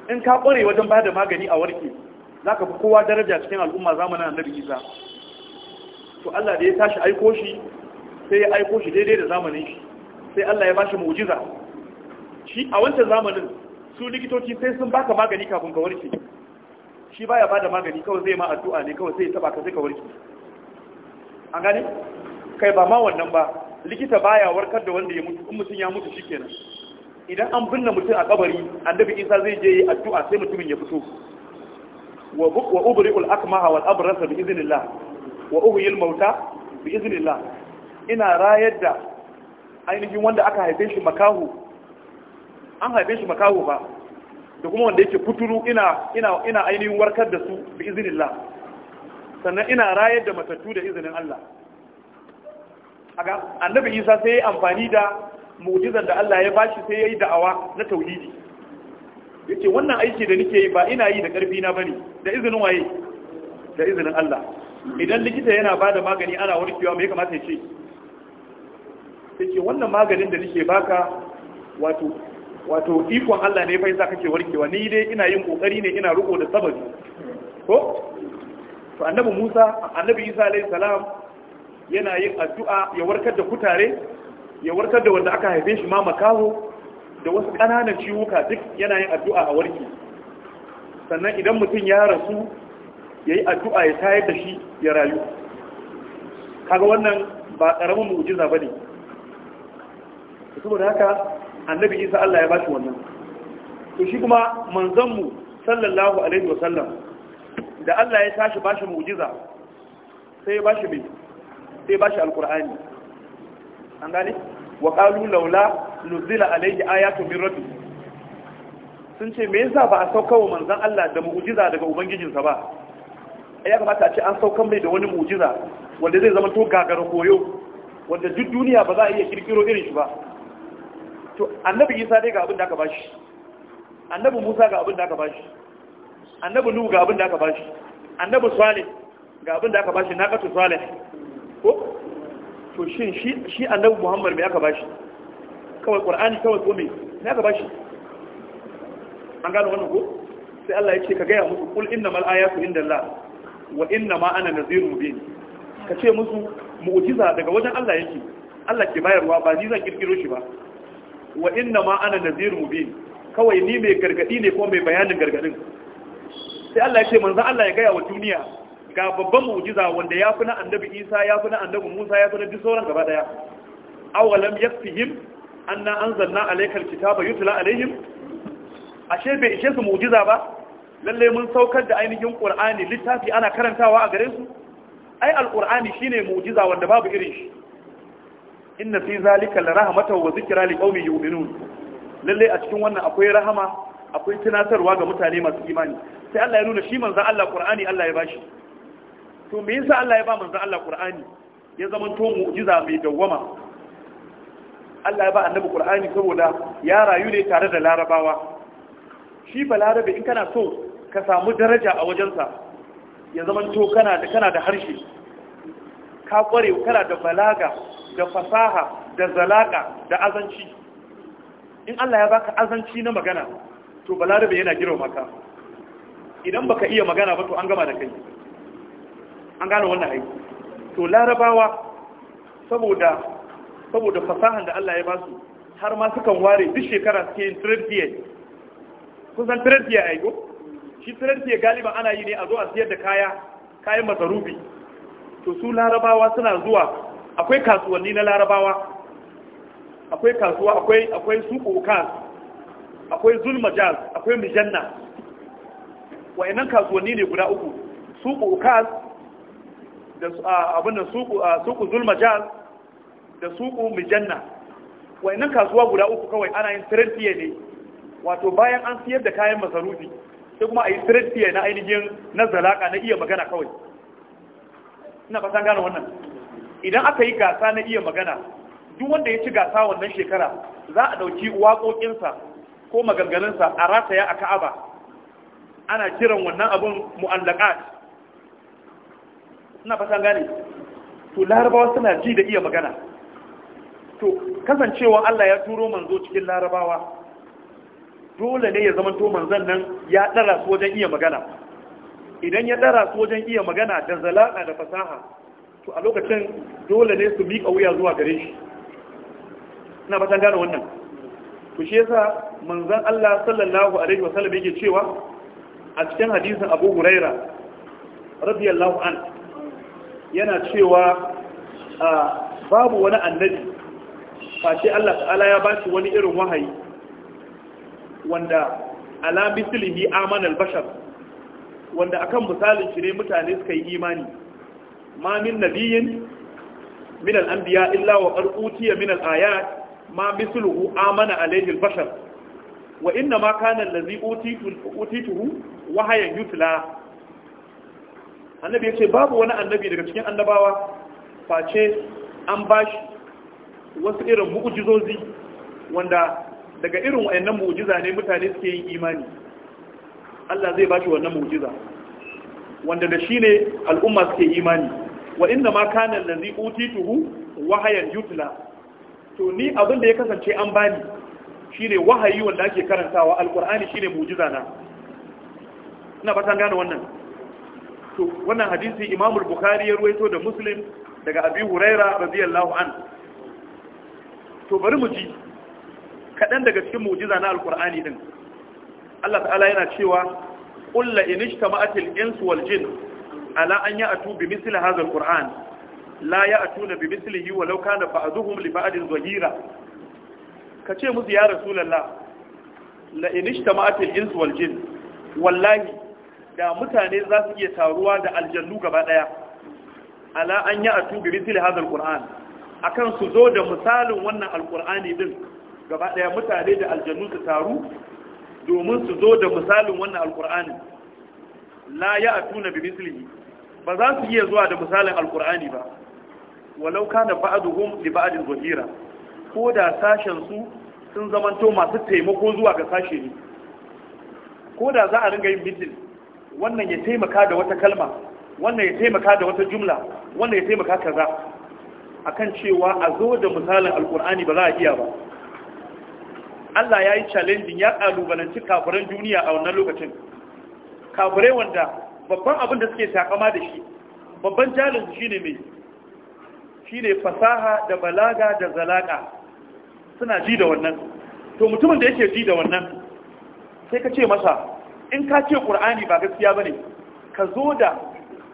Speaker 1: in ka kware wajen bada magani a warke za ka fi kowa daraja cikin al'umma zamanin annabi Isa to Allah da ya tashi aiko shi sai ya aiko shi daidai da zamanin shi sai Allah ya ba shi mu'jiza shi a wancan zamanin su likitoci sai sun baka magani kafin ka warke shi baya bada magani kawai zai ma addu'a ne kawai sai ya taba ka sai ka warke an gane kai ba ma wannan ba likita baya warkar da wanda ya mutu in mutun ya mutu shikenan idan an binne mutum a kabari annabi isa zai je addu'a sai mutumin ya fito wa wa ubri'ul akmaha wal abrasa bi iznillah wa uhyil mauta bi iznillah ina rayar da ainihin wanda aka haife shi makahu an haife shi makahu ba da kuma wanda yake fituru ina ina ina ainihin warkar da su bi iznillah sannan ina rayar da matattu da izinin Allah aga annabi Isa sai ya amfani da mu'jizar da Allah ya bashi sai yayi da'awa na tauhidi yace wannan aiki da nake yi ba ina yi da karfi na bane da izinin waye da izinin Allah idan likita yana bada magani ana warkewa me ya kamata ya ce yace wannan maganin da nake baka wato wato ikon Allah ne fa yasa kake warkewa ni dai ina yin kokari ne ina riko da sababi ko to annabi Musa annabi Isa alayhi salam yana yin addu'a ya warkar da kutare ya warkar da wanda aka haife shi ma makaho da wasu ƙananan ciwuka duk yana yin addu'a a warki sannan idan mutum ya rasu ya yi addu'a ya tayar da shi ya rayu kaga wannan ba ƙaramin mu'ujiza ba ne saboda haka annabi isa Allah ya ba shi wannan to shi kuma manzanmu sallallahu alaihi wasallam da Allah ya tashi ba shi mu'ujiza sai ya shi mai sai ya shi alkur'ani an gane wa qalu laula nuzila alayhi ayatu min rabbi sun ce me yasa ba a sauka wa manzon Allah da mu'jiza daga ubangijinsa ba ai ya kamata a ce an saukan mai da wani mu'jiza wanda zai zama to gagara koyo wanda duk duniya ba za a iya kirkiro irin shi ba to annabi Isa dai ga abin da aka bashi annabi Musa ga abin da aka bashi annabi Nuhu ga abin da aka bashi annabi Salih ga abin da aka bashi naqatu Salih ko to shi shi annabi muhammad mai aka bashi kawai qur'ani kawai ko mai aka bashi an gano wannan ko sai Allah ya ce ka gaya musu kul su inda indallah wa inna ma ana nazirun mubin ka ce musu mu'jiza daga wajen Allah yake Allah ke bayarwa ba ni zan kirkiro shi ba wa inna ma ana nazirun mubin kawai ni mai gargadi ne ko mai bayanin gargadin sai Allah ya ce manzo Allah ya gaya wa duniya ga babban mu'jiza wanda ya fi na annabi isa ya fi na annabi musa ya fi na duk sauran gaba daya awalam yakfihim anna anzalna alaykal kitaba yutla alaihim ashe bai ishe su mu'jiza ba lalle mun saukar da ainihin qur'ani littafi ana karantawa a gare su ai alqur'ani shine mu'jiza wanda babu irin shi inna fi zalika larahmatan wa zikra liqaumin yu'minun lalle a cikin wannan akwai rahama akwai tunatarwa ga mutane masu imani sai Allah ya nuna shi manzo Allah Qur'ani Allah ya bashi to me yasa Allah ya ba manzo Allah Qur'ani ya zama to mu'jiza mai dawwama Allah ya ba annabi Qur'ani saboda ya rayu ne tare da Larabawa shi balarabe in kana so ka samu daraja a wajensa ya zama to kana da kana da harshe ka kware kana da balaga da fasaha da zalaka da azanci in Allah ya baka azanci na magana to balarabe yana girma maka idan baka iya magana ba to an gama da kai an gane wannan aiki to larabawa saboda saboda fasahan da Allah ya ba su har ma sukan ware duk shekara suke yin trade kusan san trade aiko shi trade galiban ana yi ne a zo a siyar da kaya kayan masarufi to su larabawa suna zuwa akwai kasuwanni na larabawa akwai kasuwa akwai akwai suku kas akwai zulmajaz akwai mijanna wayannan kasuwanni ne guda uku suku kas da abin da suku zulmajal da suku mijanna nan kasuwa guda uku kawai ana yin trade ne wato bayan an siyar da kayan masarufi sai kuma a yi trade na ainihin na zalaka na iya magana kawai ina fatan gane wannan idan aka yi gasa na iya magana duk wanda ya ci gasa wannan shekara za a dauki waƙoƙinsa ko maganganunsa a rataya a ka'aba ana kiran wannan abin mu'allaqat ina fatan gane to larabawa suna ji da iya magana to kasancewa Allah ya turo manzo cikin larabawa dole ne ya zamanto manzon nan ya dara su wajen iya magana idan ya dara su wajen iya magana da zalaka da fasaha to a lokacin dole ne su miƙa wuya zuwa gare shi ina fatan gane wannan to shi yasa manzon Allah sallallahu alaihi wasallam yake cewa a cikin hadisin Abu Huraira radiyallahu anhu yana cewa babu wani annabi face Allah ta'ala ya bashi wani irin wahayi wanda ala mislihi amana bashar wanda akan misalin shi ne mutane suka yi imani ma min nabiyyin min al-anbiya illa wa qad utiya min al-ayat ma misluhu amana alayhi al-bashar wa inna ma kana allazi utitu utituhu wahayan yutla annabi ya ce babu wani annabi daga cikin annabawa face an bashi wasu irin mu'ujizozi wanda daga irin wayannan mu'ujiza ne mutane suke yin imani Allah zai bashi wannan mu'ujiza wanda da shi ne al'umma suke imani wa inna ma kana allazi utituhu wahayan yutla to ni abin da ya kasance an bani shine wahayi wanda ake karantawa alqur'ani shine mu'ujiza na ina ba ta gane wannan to wannan hadisi Imamul Bukhari ya ruwaito da Muslim daga Abi Huraira radiyallahu an to bari mu ji kadan daga cikin mu'jiza na al din Allah ta'ala yana cewa qul la in ijtama'atil insu wal jin ala an ya'tu bi mithli hadha al-Qur'an la ya'tuna bi mithlihi walau kana ba'dhuhum li ba'din zahira ce musu ya rasulullah la in ijtama'atil insu wal jin wallahi da mutane za su iya taruwa da aljannu gaba daya ala an yi atu bi mithli hadha alquran akan su zo da misalin wannan alqurani din gaba daya mutane da aljannu su taru domin su zo da misalin wannan alqurani la ya atuna bi mithlihi ba za su iya zuwa da misalin alqurani ba walau kana ba'duhum li ba'adin zuhira. ko da sashen su sun zamanto masu taimako zuwa ga sashe ne ko da za a ringa yin mitin wannan ya taimaka da wata kalma wannan ya taimaka da wata jumla wannan ya taimaka kaza akan cewa a zo da misalin alkur'ani ba za a iya ba Allah ya yi challenging ya kalubalanci kafiran duniya a wannan lokacin kafirai wanda babban abin da suke takama da shi babban jalinsu shine mai shine fasaha da balaga da zalaka suna ji da wannan to mutumin da yake ji da wannan sai ka ce masa in ka ce ƙur'ani ba gaskiya ba ne ka zo da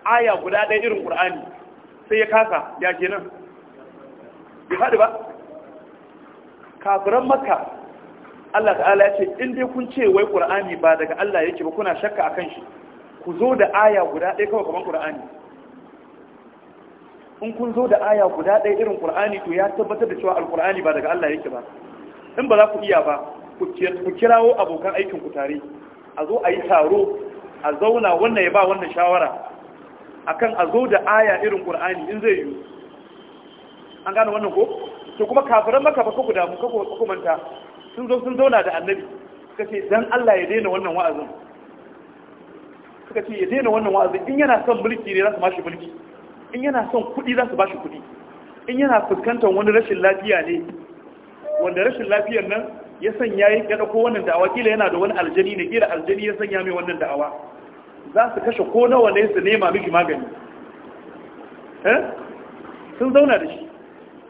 Speaker 1: aya guda ɗaya irin ƙur'ani sai ya kasa ya ke nan bai faɗi ba kafiran maka Allah ta'ala ya ce in dai kun ce wai ƙur'ani ba daga Allah yake ba kuna shakka a kan shi ku zo da aya guda ɗaya kawai kamar ƙur'ani in kun zo da aya guda ɗaya irin ƙur'ani to ya tabbatar da cewa alƙur'ani ba daga Allah yake ba in ba za ku iya ba ku kirawo abokan aikin ku tare a zo a yi taro a zauna wannan ya ba wannan shawara akan a zo da aya irin ƙur'ani in zai yi an gane wannan ko to kuma kafiran maka ba ku damu ku manta sun zo sun zauna da annabi suka ce dan Allah ya daina wannan wa'azin suka ce ya daina wannan wa'azin in yana son mulki ne za su bashi mulki in yana son kuɗi za su bashi kuɗi in yana fuskantar wani rashin lafiya ne wanda rashin lafiyar nan ya sanya ya dauko wannan da'awa kila yana da wani aljani ne kila aljani ya sanya mai wannan da'awa za su kashe ko nawa ne su nema miki magani eh? sun zauna da shi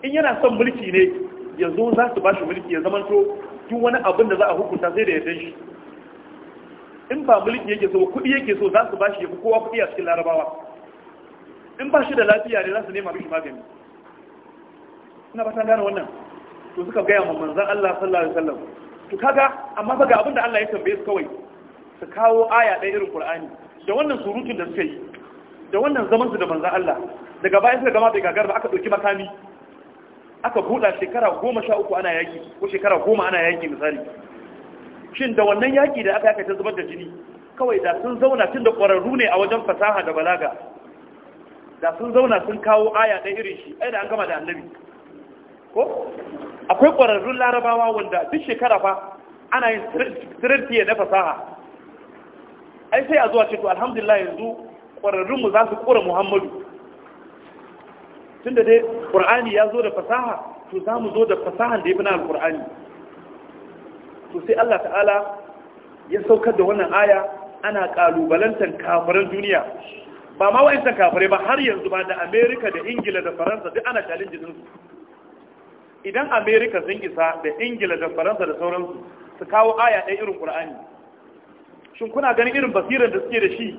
Speaker 1: in yana son mulki ne ya zo za su ba shi mulki ya zamanto duk wani abin da za a hukunta sai da yardan shi in ba mulki yake so kuɗi yake so za su ba shi ya fi kowa kuɗi a cikin larabawa in ba shi da lafiya ne za su nema miki magani ina ba ta gane wannan to suka gaya wa manzan Allah sallallahu alaihi wasallam to kaga amma fa ga abin da Allah ya tambaye su kawai su kawo aya ɗaya irin Qur'ani da wannan surutun da suka yi da wannan zaman su da manzan Allah daga bayan suka gama bai gagar ba aka ɗauki makami aka buɗa shekara goma sha uku ana yaƙi ko shekara goma ana yaƙi misali shin da wannan yaƙi da aka yaka ta zubar da jini kawai da sun zauna tun da ƙwararru ne a wajen fasaha da balaga da sun zauna sun kawo aya ɗaya irin shi ai da an gama da annabi ko akwai ƙwararrun larabawa wanda duk shekara fa ana yin ya na fasaha ai sai a zuwa ce to alhamdulillah yanzu ƙwararrunmu za su ƙura muhammadu tun dai ƙur'ani ya zo da fasaha to za mu zo da fasahan da ya fi na alƙur'ani to sai allah ta'ala ya saukar da wannan aya ana ƙalubalantar kafiran duniya ba ma wa'insan kafirai ba har yanzu ba da amerika da ingila da faransa duk ana challenge su idan amerika sun isa da ingila da faransa da sauransu su kawo aya ɗaya irin ƙura'ani shin kuna ganin irin basirar da suke da shi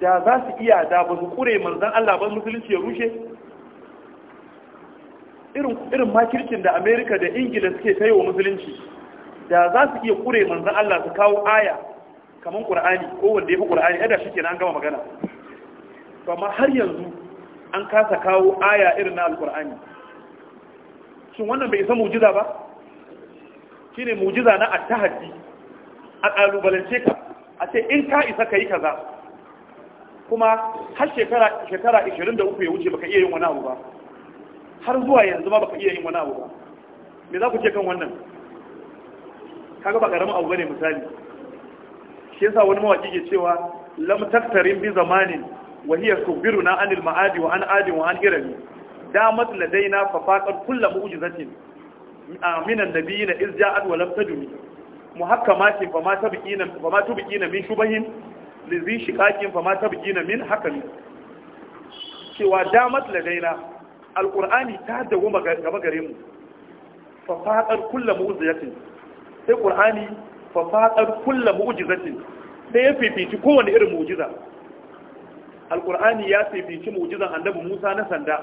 Speaker 1: da za su iya da ba su ƙure manzan allah ba musulunci ya rushe irin makirkin da amerika da ingila suke ta yi wa musulunci da za su iya ƙure manzan allah su kawo aya kamar ƙura'ani ko wanda ya fi ƙur'ani yadda shi kenan an gama magana ba har yanzu an kasa kawo aya irin na alƙur'ani shin wannan bai isa mujiza ba ne mujiza na at a ƙalubalance ka a ce in ka isa ka yi kaza kuma har shekara 23 ya wuce baka iya yin wani abu ba har zuwa yanzu ma baka iya yin wani abu ba me za ku ce kan wannan kaga ba karamin abu bane misali shi yasa wani mawaki ke cewa lam taktarin bi zamanin wa hiya na anil ma'adi wa an adin wa an irami damat ladaina fa faqad kullu mu'jizatin aminan nabiyina iz ja'at wa lam tajmi muhakkamatin fa ma tabqina fa ma tubqina min shubahin lizi shiqaqin fa ma tabqina min hakami cewa damat ladaina alqur'ani ta dawo gaba gare mu fa faqad kullu mu'jizatin sai qur'ani fa faqad kullu mu'jizatin sai ya fifici kowane irin mu'jiza alqur'ani ya fifici mu'jizan annabi Musa na sanda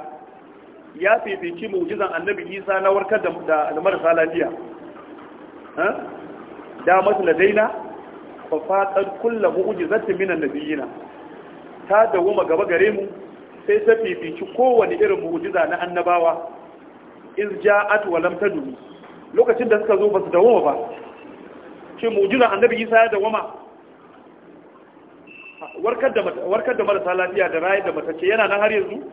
Speaker 1: ya fifici mu'jizan annabi isa na warkar da marasa lafiya da masu ladaina fa faqad kullu mu'jizatin minan nabiyina ta ma gaba gare mu sai ta fifici kowane irin mu'jiza na annabawa iz ja'at wa lam lokacin da suka zo ba su dawoma ba ce mu'jiza annabi isa ya dawoma warkar da warkar da marasa lafiya da rayar da matace yana nan har yanzu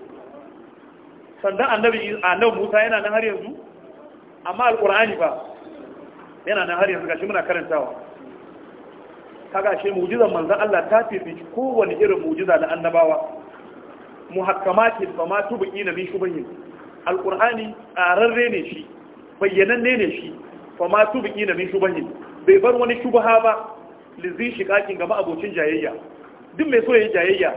Speaker 1: Sanda annabi annabi Musa yana nan har yanzu amma alqur'ani ba yana nan har yanzu gashi muna karantawa kaga shi mu'jizar manzon Allah ta fifi kowanne irin mu'jiza na annabawa muhakkamati fa ma tubqina min shubhin alqur'ani ararre ne shi bayyananne ne shi fa ma ina min shubhin bai bar wani shubha ba lizi shiqaqin gaba abocin jayayya duk mai so yi jayayya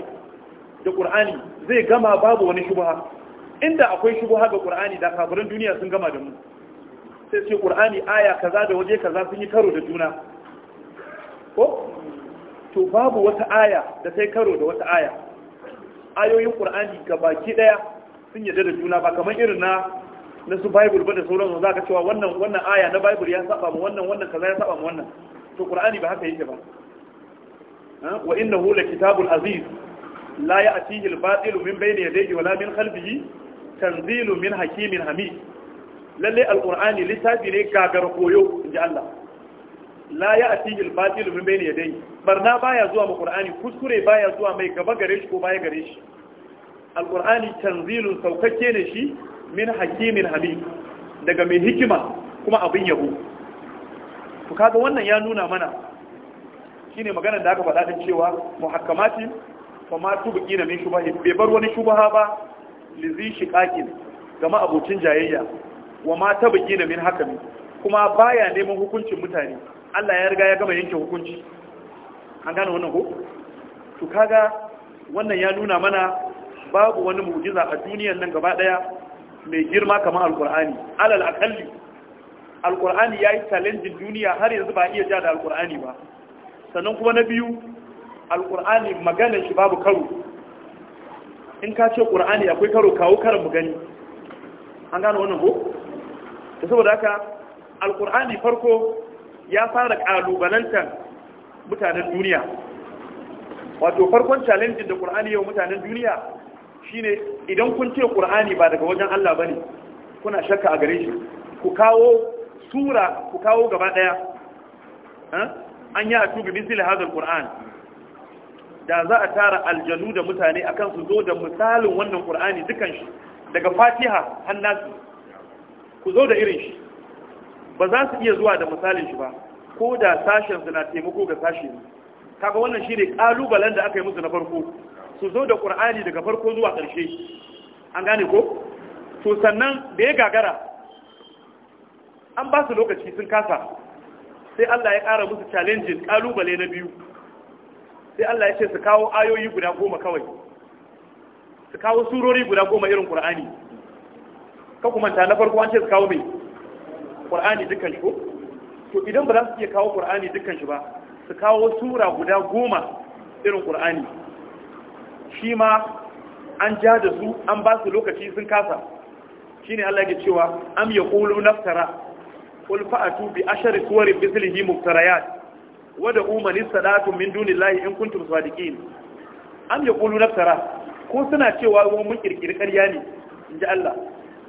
Speaker 1: da qur'ani zai gama babu wani shubha inda akwai shigo haga ƙur'ani da kafirin duniya sun gama da mu sai ce ƙur'ani aya kaza da waje kaza sun yi karo da juna ko to babu wata aya da sai karo da wata aya ayoyin ƙur'ani ga baki ɗaya sun yadda da juna ba kamar irin na na su bible ba da sauran za ka cewa wannan wannan aya na bible ya saba mu wannan wannan kaza ya saba mu wannan to ƙur'ani ba haka yake ba wa innahu la kitabul aziz la ya'tihi al batilu min bayni yadayhi wala min khalfihi tanzilu min hakimin hamid lalle alqur'ani littafi ne gagar koyo inji Allah la ya'tihi al-batil min bayni yadayhi barna baya zuwa mu qur'ani kuskure baya zuwa mai gaba gare shi ko baya gare shi alqur'ani tanzilun saukakke ne shi min hakimin hamid daga mai hikima kuma abin yabo to kaga wannan ya nuna mana shine maganar da aka faɗa din cewa muhakkamatin fa ma tubqina min shubahi bai bar wani shubaha ba lizishi shiqaqin gama abocin jayayya wa ma tabqina min hakami kuma baya neman hukuncin mutane Allah ya riga ya gama yanke hukunci an gane wannan ko to kaga wannan ya nuna mana babu wani mu'jiza a duniyar nan gaba daya mai girma kamar alkur'ani alal akalli alkur'ani ya yi challenging duniya har yanzu ba iya ja da alkur'ani ba sannan kuma na biyu alkur'ani maganar shi babu karo in ka ce ƙur'ani akwai karo kawo karan mu gani an gano wannan ko da saboda haka alƙur'ani farko ya fara ƙalubalantar mutanen duniya wato farkon challenge da ƙur'ani yau mutanen duniya shine idan kun ce ƙur'ani ba daga wajen Allah ba ne, kuna shakka a gare shi ku kawo sura ku kawo gaba ɗaya an yi a tubi misil hazar ƙura'ani da za a tara aljanu da mutane a kan su zo da misalin wannan ƙur'ani dukkan shi daga fatiha su ku zo da irin shi ba za su iya zuwa da misalin shi ba ko da sashen su na taimako ga sashe ne kaga wannan shi ne ƙalubalen da aka yi musu na farko su zo da ƙur'ani daga farko zuwa ƙarshe an gane ko to sannan da ya gagara an ba su lokaci sun kasa sai Allah ya ƙara musu challenge ƙalubale na biyu sai Allah ya ce su kawo ayoyi guda goma kawai su kawo surori guda goma irin Qur'ani ka kuma ta na farko an ce su kawo mai Qur'ani dukkan shi ko to idan ba za su iya kawo Qur'ani dukkan shi ba su kawo sura guda goma irin Qur'ani shi ma an ja da su an ba su lokaci sun kasa Shi ne Allah ya cewa am ya ƙulu naftara ƙulfa a bi ashari suwarin mithlihi muftariyat wada umarni sadatu min lahi in kuntum sadiqin am yaqulu naftara ko suna cewa wani mun kirkiri ƙarya ne in ji Allah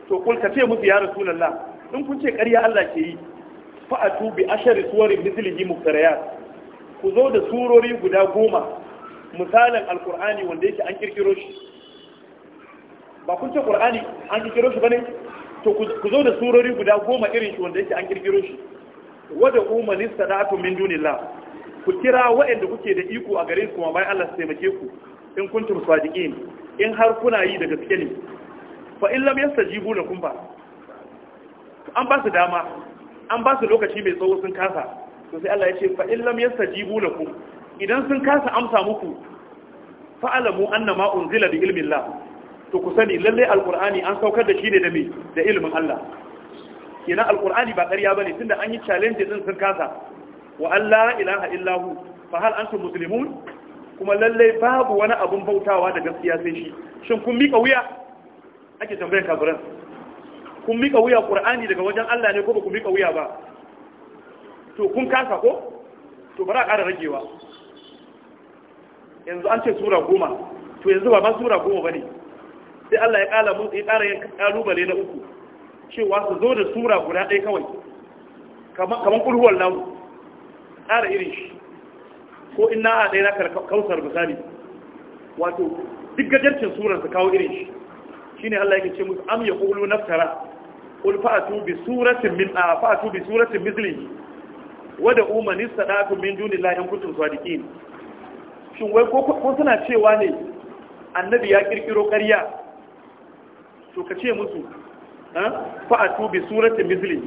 Speaker 1: to kul ka ce musu ya rasulullah in kun ce ƙarya Allah ke yi fa atu bi ashari suwarin mislihi muftariyat ku zo da surori guda goma misalin alkur'ani wanda yake an kirkiro shi ba kun ce qur'ani an kirkiro shi bane to ku zo da surori guda goma irin shi wanda yake an kirkiro shi wada umani sadatu min dunillah ku kira wa'anda kuke da iko a gare su bayan Allah su taimake ku in kuntum sadiqin in har kuna yi da gaske ne fa in lam yastajibu lakum ba an ba su dama an ba su lokaci mai tsawo sun kasa to sai Allah ya ce fa in lam yastajibu lakum idan sun kasa amsa muku fa alamu annama unzila bi ilmi Allah to ku sani lalle alqur'ani an saukar da shi ne da me da ilmin Allah kenan alqur'ani ba ƙarya bane tunda an yi challenge din sun kasa wa Allah ilaha illahu fa hal antum muslimun kuma lalle babu wani abun bautawa da gaskiya sai shi shin kun mika wuya ake tambayar kafiran kun mika wuya qur'ani daga wajen Allah ne ko ba kun mika wuya ba to kun kasa ko to bara ƙara ragewa yanzu an ce sura goma to yanzu ba ma sura goma ba ne sai Allah ya ƙara mun ya ƙara yin ƙalubale na uku cewa su zo da sura guda ɗaya kawai kamar kulhuwar namu ƙara irin shi ko ina a ɗaya na kausar misali wato duk gajarcin surar su kawo irin shi shine Allah yake ce musu am yaqulu naftara qul fa'atu bi suratin min bi suratun mithlihi wa da sadatu istadatu min dunillahi in kuntum sadiqin shi wai ko suna cewa ne annabi ya ƙirƙiro ƙarya to ka ce musu fa atu bi misli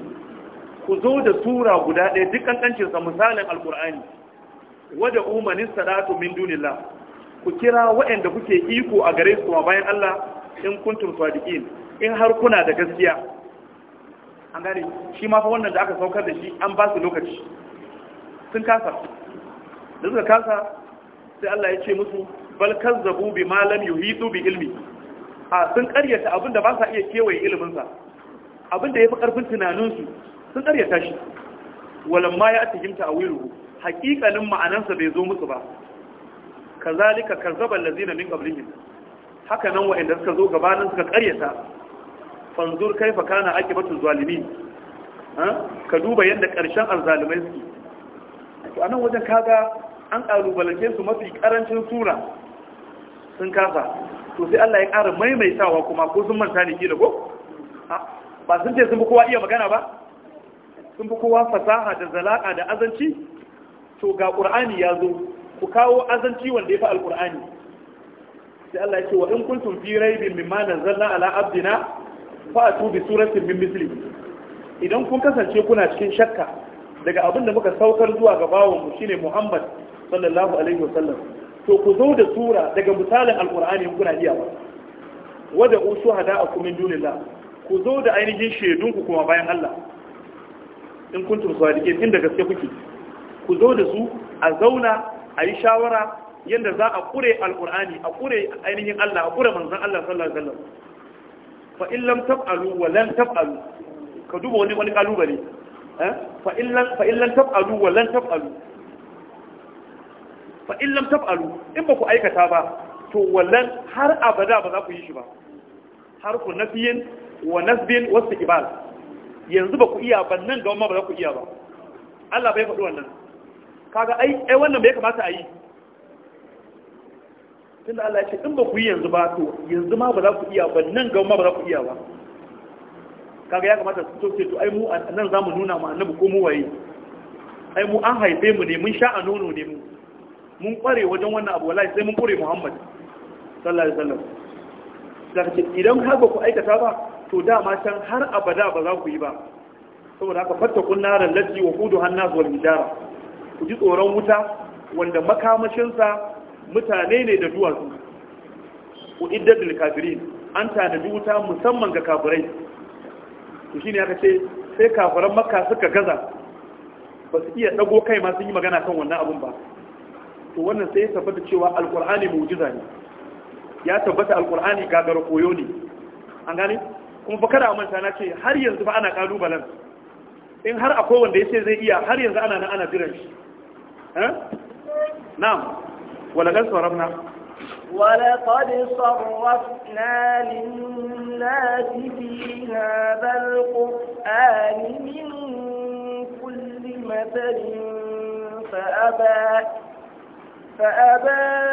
Speaker 1: ku zo da sura guda ɗaya duk kankancin sa misalin Alƙur'ani. Wadda umanin sadatu min dunillah ku kira waɗanda kuke iko a gare su bayan Allah in kuntum sadiqin in har kuna da gaskiya an gane shi ma fa wannan da aka saukar da shi an ba su lokaci sun kasa da suka kasa sai Allah ya ce musu bal kazzabu bima lam yuhitu bi ilmi a sun karyata abinda ba sa iya kewaye iliminsa abinda ya fi karfin tunaninsu sun karyata shi walamma ya tijimta a wiru haƙiƙanin ma'anansa bai zo musu ba kazalika kazzaban lazina min qablihim haka nan inda suka zo gabanin suka karyata fanzur kaifa kana akibatu zalimin ka duba yadda ƙarshen alzalimai suke to anan wajen kaga an kalubalance su mafi karancin sura sun kasa to sai Allah ya ƙara maimaitawa kuma ko sun manta ne da ko ba sun ce sun fi kowa iya magana ba sun fi kowa fasaha da zalaka da azanci to ga ƙur'ani ya zo ku kawo azanci wanda ya fi alƙur'ani sai Allah ya ce wa in kuntum fi raibin mimma nazzalna ala abdina fa atu bi suratin min misli idan kun kasance kuna cikin shakka daga abin da muka saukar zuwa ga bawon mu shine Muhammad sallallahu alaihi wasallam to ku zo da sura daga misalin alkur'ani kuna iya ba wada usu hada a kumin dunillah ku zo da ainihin shaidun ku kuma bayan Allah in su kuntum sadiqin inda gaske kuke ku zo da su a zauna a yi shawara yadda za a kure alkur'ani a kure ainihin Allah a kure manzon Allah sallallahu alaihi wasallam fa in lam taf'alu wa lan taf'alu ka duba wani wani kalubale eh? fa in lam taf'alu wa lan taf'alu fa in lam taf'alu in ba ku aikata ba to wallan har abada ba za ku yi shi ba har ku nafiyin wa nasbin wa istiqbal yanzu ba ku iya ba nan ga ba za ku iya ba Allah bai faɗi wannan kaga ai ai wannan bai kamata a yi tunda Allah ya ce in ba ku yi yanzu ba to yanzu ma ba za ku iya ba nan ga ba za ku iya ba kaga ya kamata su ce to ai mu nan zamu nuna mu annabi ko mu waye ai mu an haife mu ne mun sha a nono ne mu mun kware wajen wannan abu wallahi sai mun kure Muhammad sallallahu alaihi wasallam zaka idan har ba ku aikata ba to dama can har abada ba za ku yi ba saboda haka fattakun kunnaran lati wa kudu hanna wal hijara ku ji tsoron wuta wanda makamashin sa mutane ne da duwatsu ku iddad da kafirin an tanadi wuta musamman ga kafirai to shine aka ce sai kafiran makka suka gaza ba su iya dago kai ma sun yi magana kan wannan abun ba to wannan sai ya tabbata cewa alkur'ani mu'jiza ne ya tabbata alkur'ani gagara koyo ne an gane kuma fa kada manta na ce har yanzu fa ana kalubalen in har akwai wanda ya ce zai iya har yanzu ana nan ana jiran shi na'am wala gan sarrafna
Speaker 2: wala qad sarrafna lin-nasi fi hadha al-qur'ani min kulli matalin fa aba فأبى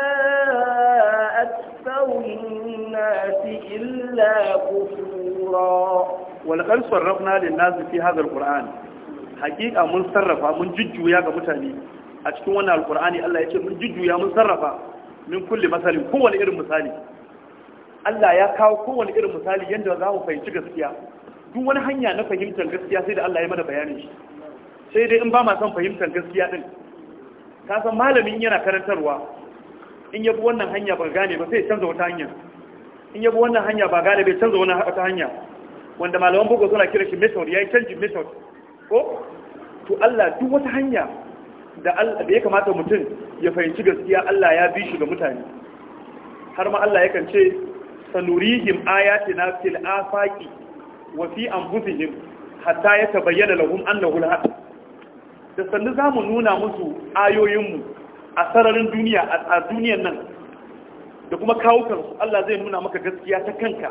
Speaker 2: أكثر الناس إلا كفورا
Speaker 1: ولقد صرفنا للناس في هذا القرآن حقيقة من صرفها من ججو يا كمتاني أتكون القرآن الله يقول من ججو يا من صرفها من كل مثال هو الإرم مثالي Allah ya kawo kowane irin misali yadda za mu fahimci gaskiya duk wani hanya na fahimtar gaskiya sai da Allah ya mana bayanin shi sai dai in ba ma son fahimtar gaskiya din ka san malamin yana karantarwa in yabi wannan hanya ba gane ba sai canza wata hanya in yabi wannan hanya ba gane bai canza wani wata hanya wanda malaman boko suna kira shi method yayi canji method ko to Allah duk wata hanya da Allah da ya kamata mutum ya fahimci gaskiya Allah ya bi shi ga mutane har ma Allah yakan ce sanurihim ayatina fil afaqi wa fi anfusihim hatta yatabayyana lahum annahu al-haqq da sannu za mu nuna musu ayoyinmu a sararin duniya a duniyan nan da kuma kawo kansu Allah zai nuna maka gaskiya ta kanka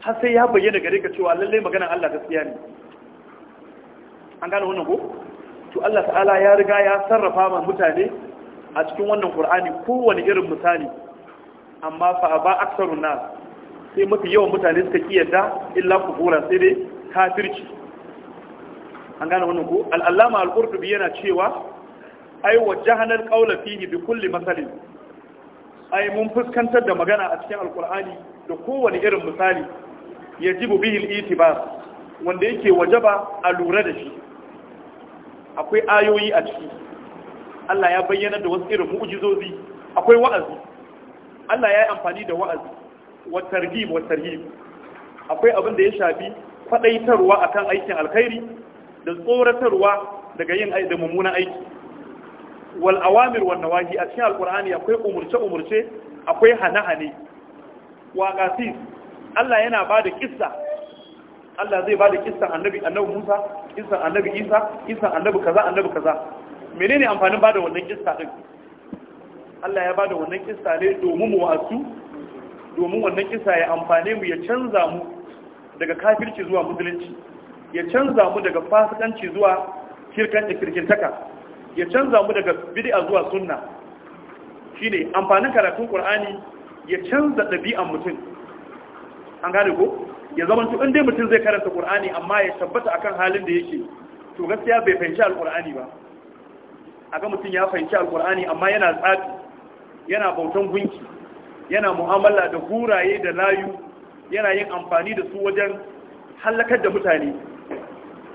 Speaker 1: har sai ya bayyana gare ka cewa lallai maganar Allah gaskiya ne an gane wannan ko to Allah ta'ala ya riga ya sarrafa ma mutane a cikin wannan Qur'ani kowane irin misali amma fa ba aksarun nas sai mafi yawan mutane suka kiyarda illa kufura sai dai kafirci an gane wannan ku? al'allama al-qurtubi yana cewa ai wajjahana al-qawla fihi bi kulli masalin ai mun fuskantar da magana a cikin alqur'ani da kowane irin misali yajibu bihi al-itibar wanda yake wajaba a lura da shi akwai ayoyi a ciki Allah ya bayyana da wasu irin mu'jizozi akwai wa'azi Allah ya yi amfani da wa'azi wa targhib wa tarhib akwai abin da ya shafi fadaitarwa akan aikin alkhairi da tsoratarwa daga yin aiki da mummunan aiki wal awamir wal nawahi a cikin alqur'ani akwai umurce umurce akwai hane-hane wa qasis Allah yana bada kissa Allah zai bada kissa annabi annabi Musa kissa annabi Isa kissa annabi kaza annabi kaza menene amfanin bada wannan kissa din Allah ya bada wannan kissa ne domin mu wasu domin wannan kissa ya amfane mu ya canza mu daga kafirci zuwa musulunci ya canza mu daga fasikanci zuwa kirkirtaka ya canza mu daga bid'a zuwa sunna shine amfanin karatun qur'ani ya canza dabi'an mutum an gane ko ya zama to indai mutum zai karanta qur'ani amma ya tabbata akan halin da yake to gaskiya bai fahimci alqur'ani ba aga mutum ya fahimci alqur'ani amma yana tsafi yana bautan gunki yana mu'amala da guraye da layu yana yin amfani da su wajen halakar da mutane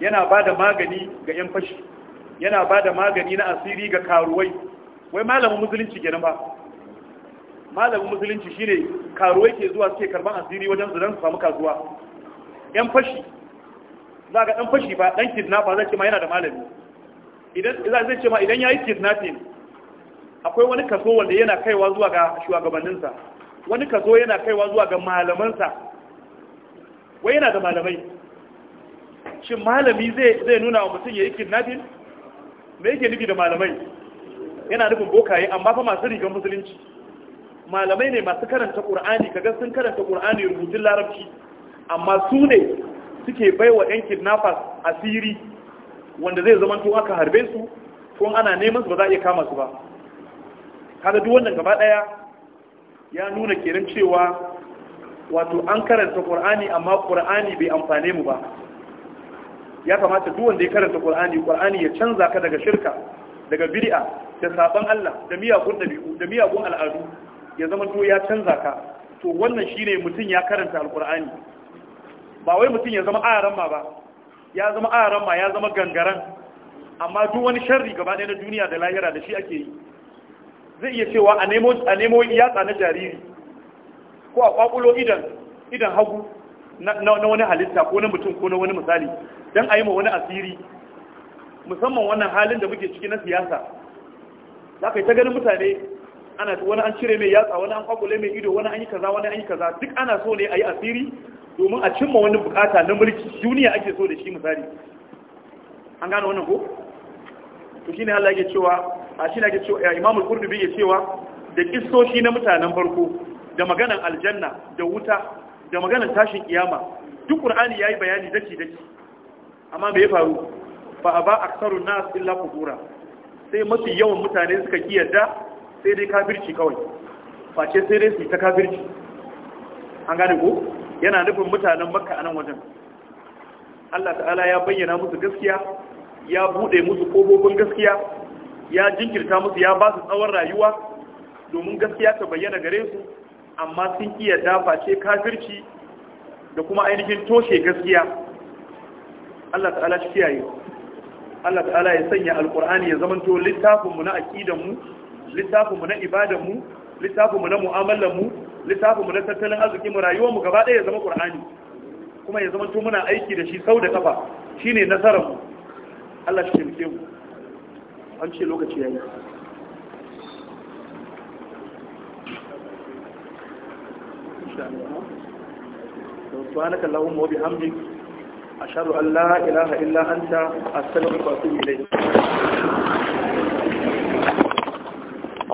Speaker 1: yana ba da magani ga 'yan fashi yana ba da magani na asiri ga karuwai wai malamin musulunci nan ba malamin musulunci shi ne karuwai ke zuwa suke karban asiri wajen zuran su samu kasuwa yan fashi za ga dan fashi ba dan kidnapper zai ce ma yana da malami idan zai ce ma idan yayi kidnapping akwai wani kaso wanda yana kaiwa zuwa ga shugabanninsa wani kaso yana kaiwa zuwa ga malamansa wai yana da malamai shin malami zai nuna wa mutum ya yi kidnapping me yake nufi da malamai yana nufin bokaye amma fa masu rigar musulunci malamai ne masu karanta ƙur'ani kaga sun karanta ƙur'ani rubutun larabci amma su ne suke bai wa 'yan kidnappers asiri wanda zai zama tun aka harbe su ko ana neman su ba za a iya kama su ba kada duk wannan gaba ɗaya ya nuna kenan cewa wato an karanta ƙur'ani amma ƙur'ani bai amfane mu ba ya kamata duk wanda ya karanta Qur'ani Qur'ani ya canza ka daga shirka daga bid'a da saban Allah da miyagun dabi'u da miyagun al'adu ya zama to ya canza ka to wannan shine mutum ya karanta alqur'ani ba wai mutum ya zama ayaran ma ba ya zama ayaran ma ya zama gangaran amma duk wani sharri gaba ɗaya na duniya da lahira da shi ake yi zai iya cewa a nemo a nemo yatsa na jariri ko a kwakulo idan idan hagu na wani halitta ko na mutum ko na wani misali don a yi ma wani asiri musamman wannan halin da muke ciki na siyasa za ka yi ta ganin mutane ana wani an cire mai yatsa wani an kwakwale mai ido wani an yi kaza wani an yi kaza duk ana so ne a yi asiri domin a cimma wani bukata na mulki duniya ake so da shi misali an gane wannan ko to shine Allah yake cewa a shi yake cewa Imam al-Qurtubi yake cewa da kissoshi na mutanen farko da maganan aljanna da wuta da maganar tashin kiyama duk qur'ani yayi bayani dace dace amma me ya faru fa aba aktharun nas illa kufura sai mafi yawan mutane suka kiyarda sai dai kafirci kawai face sai dai su ta kafirci an gane ko yana nufin mutanen makka a wajen Allah ta'ala ya bayyana musu gaskiya ya bude musu ƙofofin gaskiya ya jinkirta musu ya ba su tsawon rayuwa domin gaskiya ta bayyana gare su amma sun iya dafa ce kafirci da kuma ainihin toshe gaskiya Allah ta'ala shi kiyaye Allah ta'ala ya sanya alkur'ani ya zamanto littafinmu na aqidanmu littafinmu na ibadanmu littafinmu na mu'amalanmu littafinmu na tattalin arzikinmu rayuwarmu gaba ɗaya ya zama qur'ani kuma ya zamanto muna aiki da shi sau da kafa shine nasararmu Allah shi taimake mu an ce lokaci yayi insha Allah. Subhanaka Allahumma wa bihamdik ashhadu an la ilaha illa anta astaghfiruka wa atubu ilayk.